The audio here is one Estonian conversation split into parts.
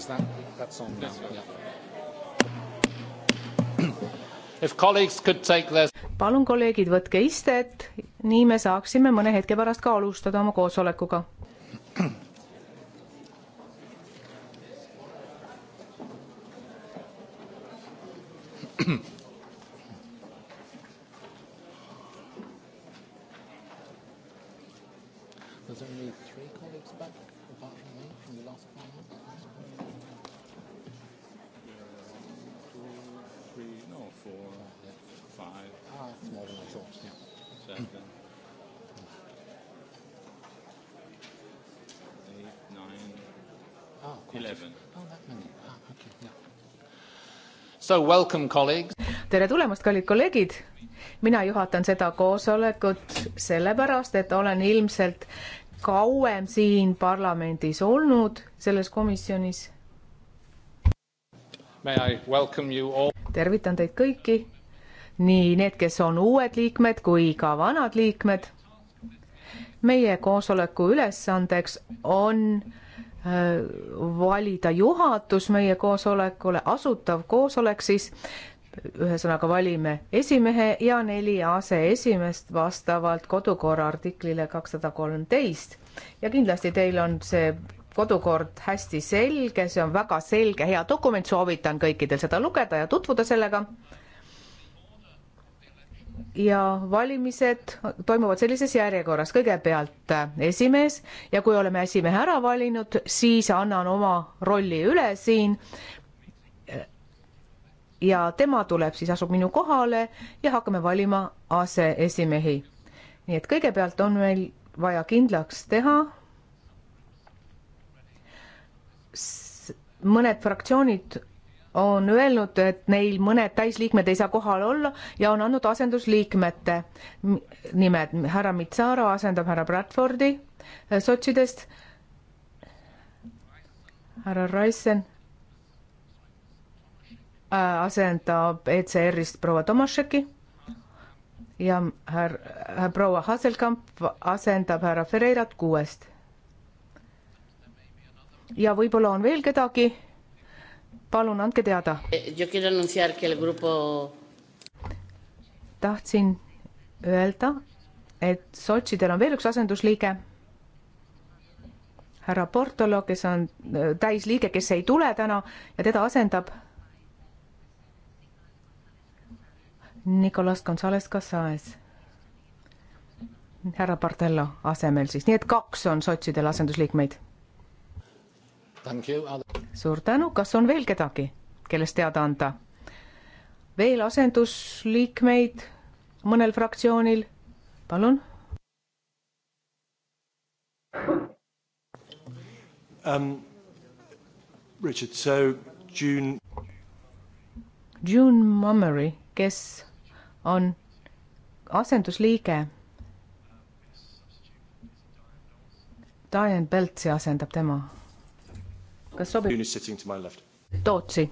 Is that that's on now? Yeah. If colleagues could take their... palun, kolleegid, võtke istet, nii me saaksime mõne hetke pärast ka alustada oma koosolekuga. There's only three colleagues back, apart from me, from the last panel. Two, three, no, four, yeah. five. Ah, that's more than I thought, yeah. Seven. eight, nine, ah, 11. Oh, that many. Ah, okay, yeah. So welcome, colleagues. tere tulemast, kallid kolleegid mina juhatan seda koosolekut sellepärast, et olen ilmselt kauem siin parlamendis olnud, selles komisjonis. tervitan teid kõiki, nii need, kes on uued liikmed kui ka vanad liikmed. meie koosoleku ülesandeks on äh, valida juhatus meie koosolekule, asutav koosolek siis, ühesõnaga valime esimehe ja neli aseesimeest vastavalt kodukorra artiklile kakssada kolmteist ja kindlasti teil on see kodukord hästi selge, see on väga selge, hea dokument, soovitan kõikidel seda lugeda ja tutvuda sellega. ja valimised toimuvad sellises järjekorras, kõigepealt äh, esimees ja kui oleme esimehe ära valinud, siis annan oma rolli üle siin ja tema tuleb, siis asub minu kohale ja hakkame valima aseesimehi. nii et kõigepealt on meil vaja kindlaks teha mõned fraktsioonid on öelnud, et neil mõned täisliikmed ei saa kohal olla ja on andnud asendusliikmete nimed. härra Mitsara asendab härra Bradfordi eh, sotsidest, härra Raisen Äh, asendab ECR-ist proua Tomašeki ja härra proua Haselkamp asendab härra Ferreirat kuuest. ja võib-olla on veel kedagi. palun andke teada. Grupo... tahtsin öelda, et sotsidel on veel üks asendusliige härra Portolo, kes on äh, täisliige, kes ei tule täna ja teda asendab Nicolas Gonzalez Casaes härra Bartello asemel siis, nii et kaks on sotsidel asendusliikmeid. suur tänu, kas on veel kedagi, kellest teada anda? veel asendusliikmeid mõnel fraktsioonil, palun um,. Richard, so June. June Mummery, kes on asendusliige. Diane Beltsi asendab tema. kas sobib? Tootsi.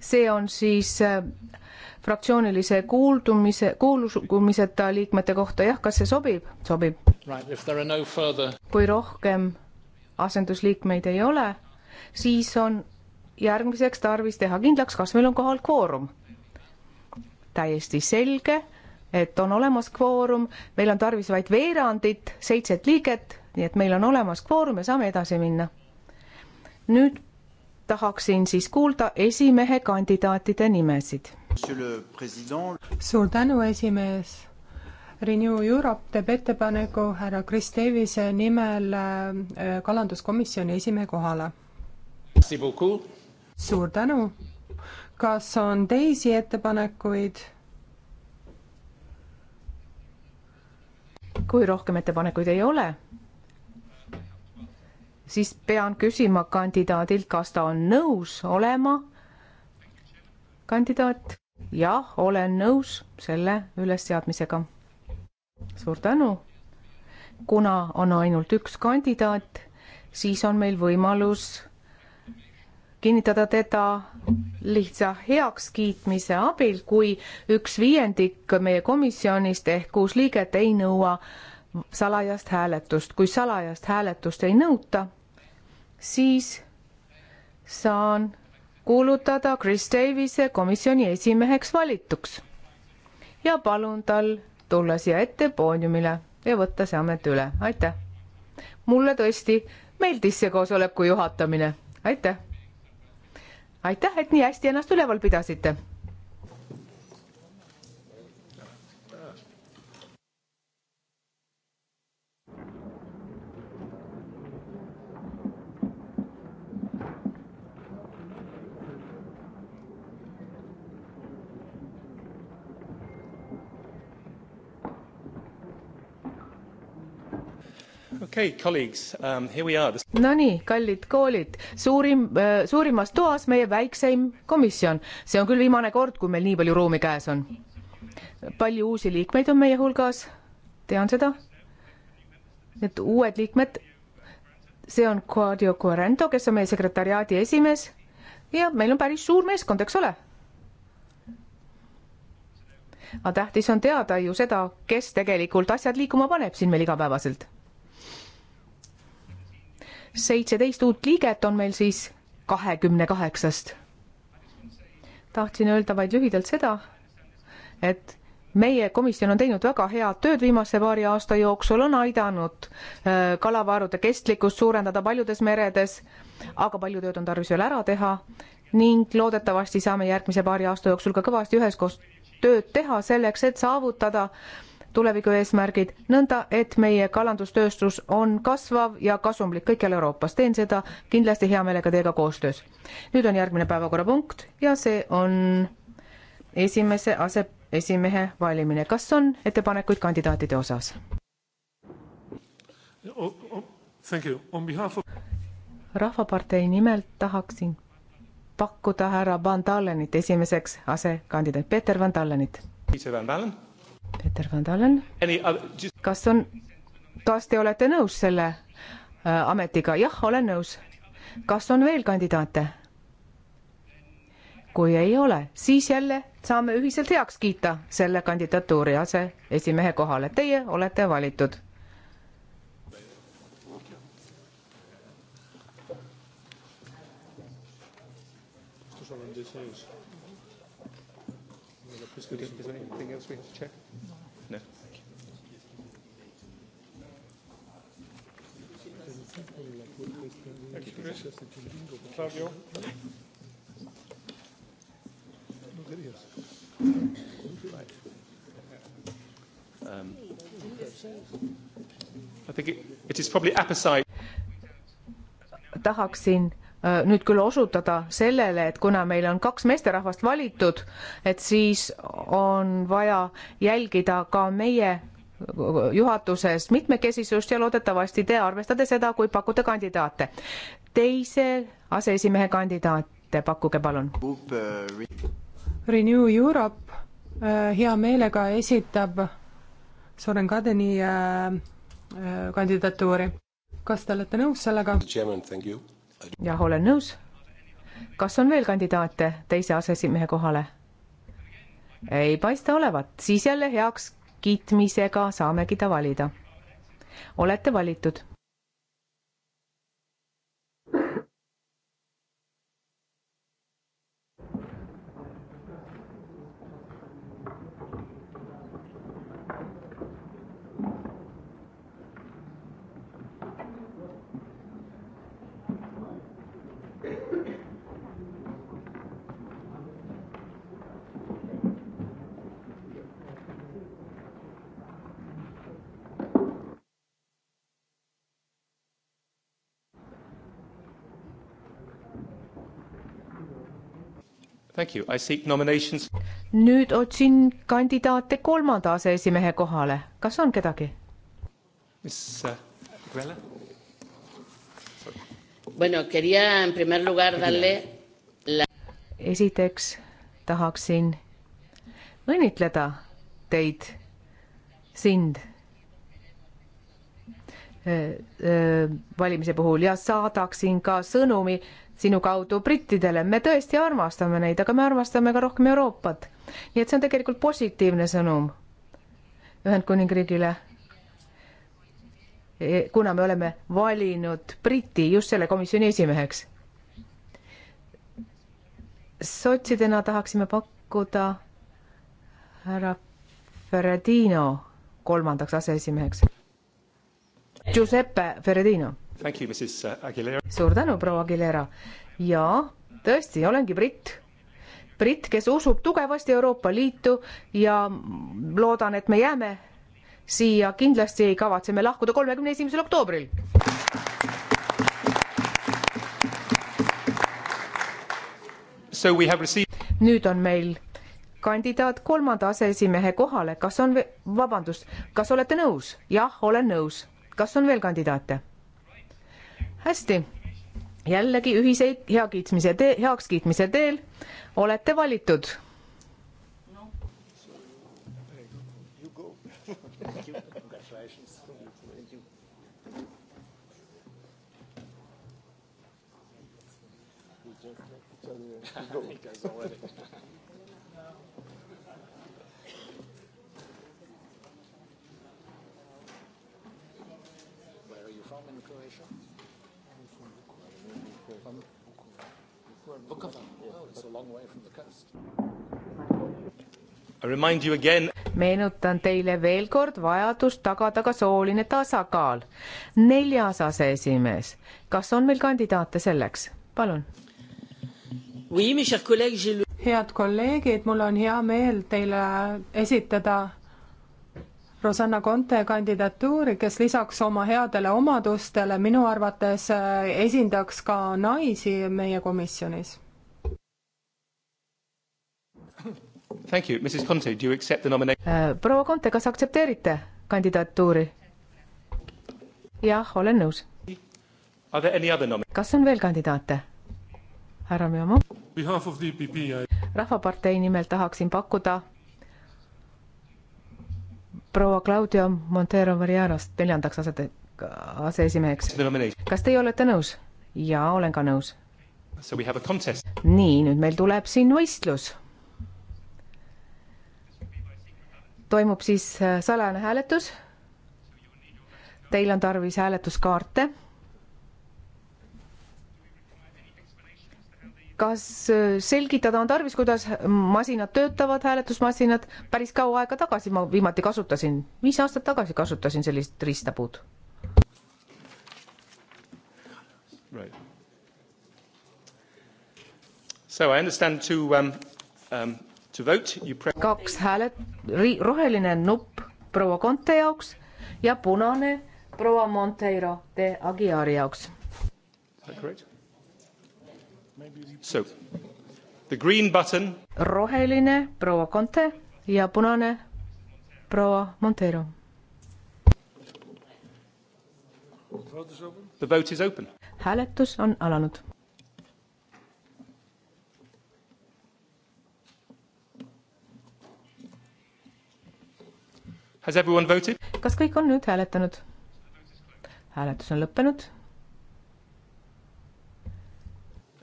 see on siis äh, fraktsioonilise kuuldumise, kuulumiseta liikmete kohta, jah, kas see sobib? sobib right,. No further... kui rohkem asendusliikmeid ei ole, siis on järgmiseks tarvis teha kindlaks, kas meil on kohal kvoorum. täiesti selge, et on olemas kvoorum, meil on tarvis vaid veerandit, seitset liiget, nii et meil on olemas kvoorum ja saame edasi minna. nüüd tahaksin siis kuulda esimehe kandidaatide nimesid. suur tänu, esimees Renew Europe teeb ettepaneku härra Chris Davise nimel äh, kalanduskomisjoni esimehe kohale suur tänu. kas on teisi ettepanekuid? kui rohkem ettepanekuid ei ole, siis pean küsima kandidaadilt, kas ta on nõus olema kandidaat. jah, olen nõus selle ülesseadmisega. suur tänu. kuna on ainult üks kandidaat, siis on meil võimalus kinnitada teda lihtsa heakskiitmise abil, kui üks viiendik meie komisjonist ehk kuus liiget ei nõua salajast hääletust. kui salajast hääletust ei nõuta, siis saan kuulutada Chris Davise komisjoni esimeheks valituks ja palun tal tulla siia ette poodiumile ja võtta see amet üle. aitäh! mulle tõesti meeldis see koosoleku juhatamine. aitäh! aitäh, et nii hästi ennast üleval pidasite okay, colleagues, um, here we are. Nonii, kallid koolid, suurim, äh, suurimas toas meie väikseim komisjon. see on küll viimane kord, kui meil nii palju ruumi käes on. palju uusi liikmeid on meie hulgas, tean seda. Need uued liikmed, see on Claudio Corrento, kes on meie sekretariaadi esimees ja meil on päris suur meeskond, eks ole aga tähtis on teada ju seda, kes tegelikult asjad liikuma paneb siin meil igapäevaselt seitseteist uut liiget on meil siis kahekümne kaheksast. tahtsin öelda vaid lühidalt seda, et meie komisjon on teinud väga head tööd viimase paari aasta jooksul, on aidanud äh, kalavarude kestlikkust suurendada paljudes meredes, aga palju tööd on tarvis veel ära teha ning loodetavasti saame järgmise paari aasta jooksul ka kõvasti üheskoos tööd teha selleks, et saavutada äh, tuleviku eesmärgid, nõnda et meie kalandustööstus on kasvav ja kasumlik kõikjal Euroopas. teen seda kindlasti hea meelega teiega koostöös. nüüd on järgmine päevakorrapunkt ja see on esimese aseesimehe valimine. kas on ettepanekuid kandidaatide osas? Oh, oh, rahvapartei nimel tahaksin pakkuda härra Van Dalenit esimeseks asekandidaat, Peeter Van Dalenit. Peter Van Dalen Peeter Van Dalen. kas on, kas te olete nõus selle äh, ametiga? jah, olen nõus. kas on veel kandidaate? kui ei ole, siis jälle saame ühiselt heaks kiita selle kandidatuuri aseesimehe kohale. Teie olete valitud. Is there anything else we have to check? Um, I think it, it is probably apposite. tahaksin äh, nüüd küll osutada sellele, et kuna meil on kaks meesterahvast valitud, et siis on vaja jälgida ka meie juhatuses mitmekesisust ja loodetavasti te arvestate seda, kui pakute kandidaate. teise aseesimehe kandidaate pakkuge palun. Renew Europe äh, hea meelega esitab Soren Kadeni äh, äh, kandidatuuri. kas te olete nõus sellega? jah, olen nõus. kas on veel kandidaate teise aseesimehe kohale? ei paista olevat, siis jälle heaks kitmisega saamegi ta valida. olete valitud nüüd otsin kandidaate kolmanda aseesimehe kohale. kas on kedagi? Uh, esiteks tahaksin õnnitleda teid, sind äh, äh, valimise puhul ja saadaksin ka sõnumi sinu kaudu brittidele. me tõesti armastame neid, aga me armastame ka rohkem Euroopat. nii et see on tegelikult positiivne sõnum Ühendkuningriigile. E, kuna me oleme valinud Briti just selle komisjoni esimeheks. sotsidena tahaksime pakkuda härra Ferredino kolmandaks aseesimeheks. Giuseppe Ferredino Uh, suur tänu, proua Aguilera. jaa, tõesti, olengi britt britt, kes usub tugevasti Euroopa Liitu ja loodan, et me jääme siia, kindlasti ei kavatse me lahkuda kolmekümne esimesel oktoobril. Received... nüüd on meil kandidaat kolmanda aseesimehe kohale, kas on, vabandust, kas olete nõus? jah, olen nõus. kas on veel kandidaate? hästi, jällegi ühise heakiitmise tee, heakskiitmise teel olete valitud no.. Where are you from in Croatia? from we're in Bukovan, but a long way from the coast. meenutan teile veel kord vajadust tagada ka sooline tasakaal. neljas aseesimees, kas on meil kandidaate selleks? palun oui,. head kolleegid, mul on hea meel teile esitada Rosanna Conte kandidatuuri, kes lisaks oma headele omadustele minu arvates äh, esindaks ka naisi meie komisjonis. Äh, proua Conte, kas aktsepteerite kandidatuuri? jah, olen nõus. kas on veel kandidaate? härra Miomo. E rahvapartei nimel tahaksin pakkuda proua Claudio Montero Varianost neljandaks asete, aseesimeheks. kas teie olete nõus? jaa, olen ka nõus. nii, nüüd meil tuleb siin võistlus. toimub siis äh, salajane hääletus. Teil on tarvis hääletuskaarte kas äh, selgitada on tarvis, kuidas masinad töötavad, hääletusmasinad, päris kaua aega tagasi ma viimati kasutasin, viis aastat tagasi kasutasin sellist riistapuud right.. So I understand to um, um, to vote you press kaks häälet, roheline nupp proua Conte jaoks ja punane proua Monteiro de Aguiari jaoks. Is that correct? roheline proua Conte ja punane proua Montero. hääletus on alanud. kas kõik on nüüd hääletanud? hääletus on lõppenud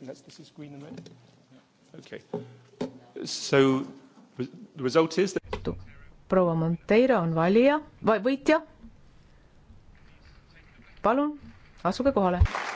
that's this is green and red. Okay. So the result is that... proua Monteiro on valija, võitja. palun asuge kohale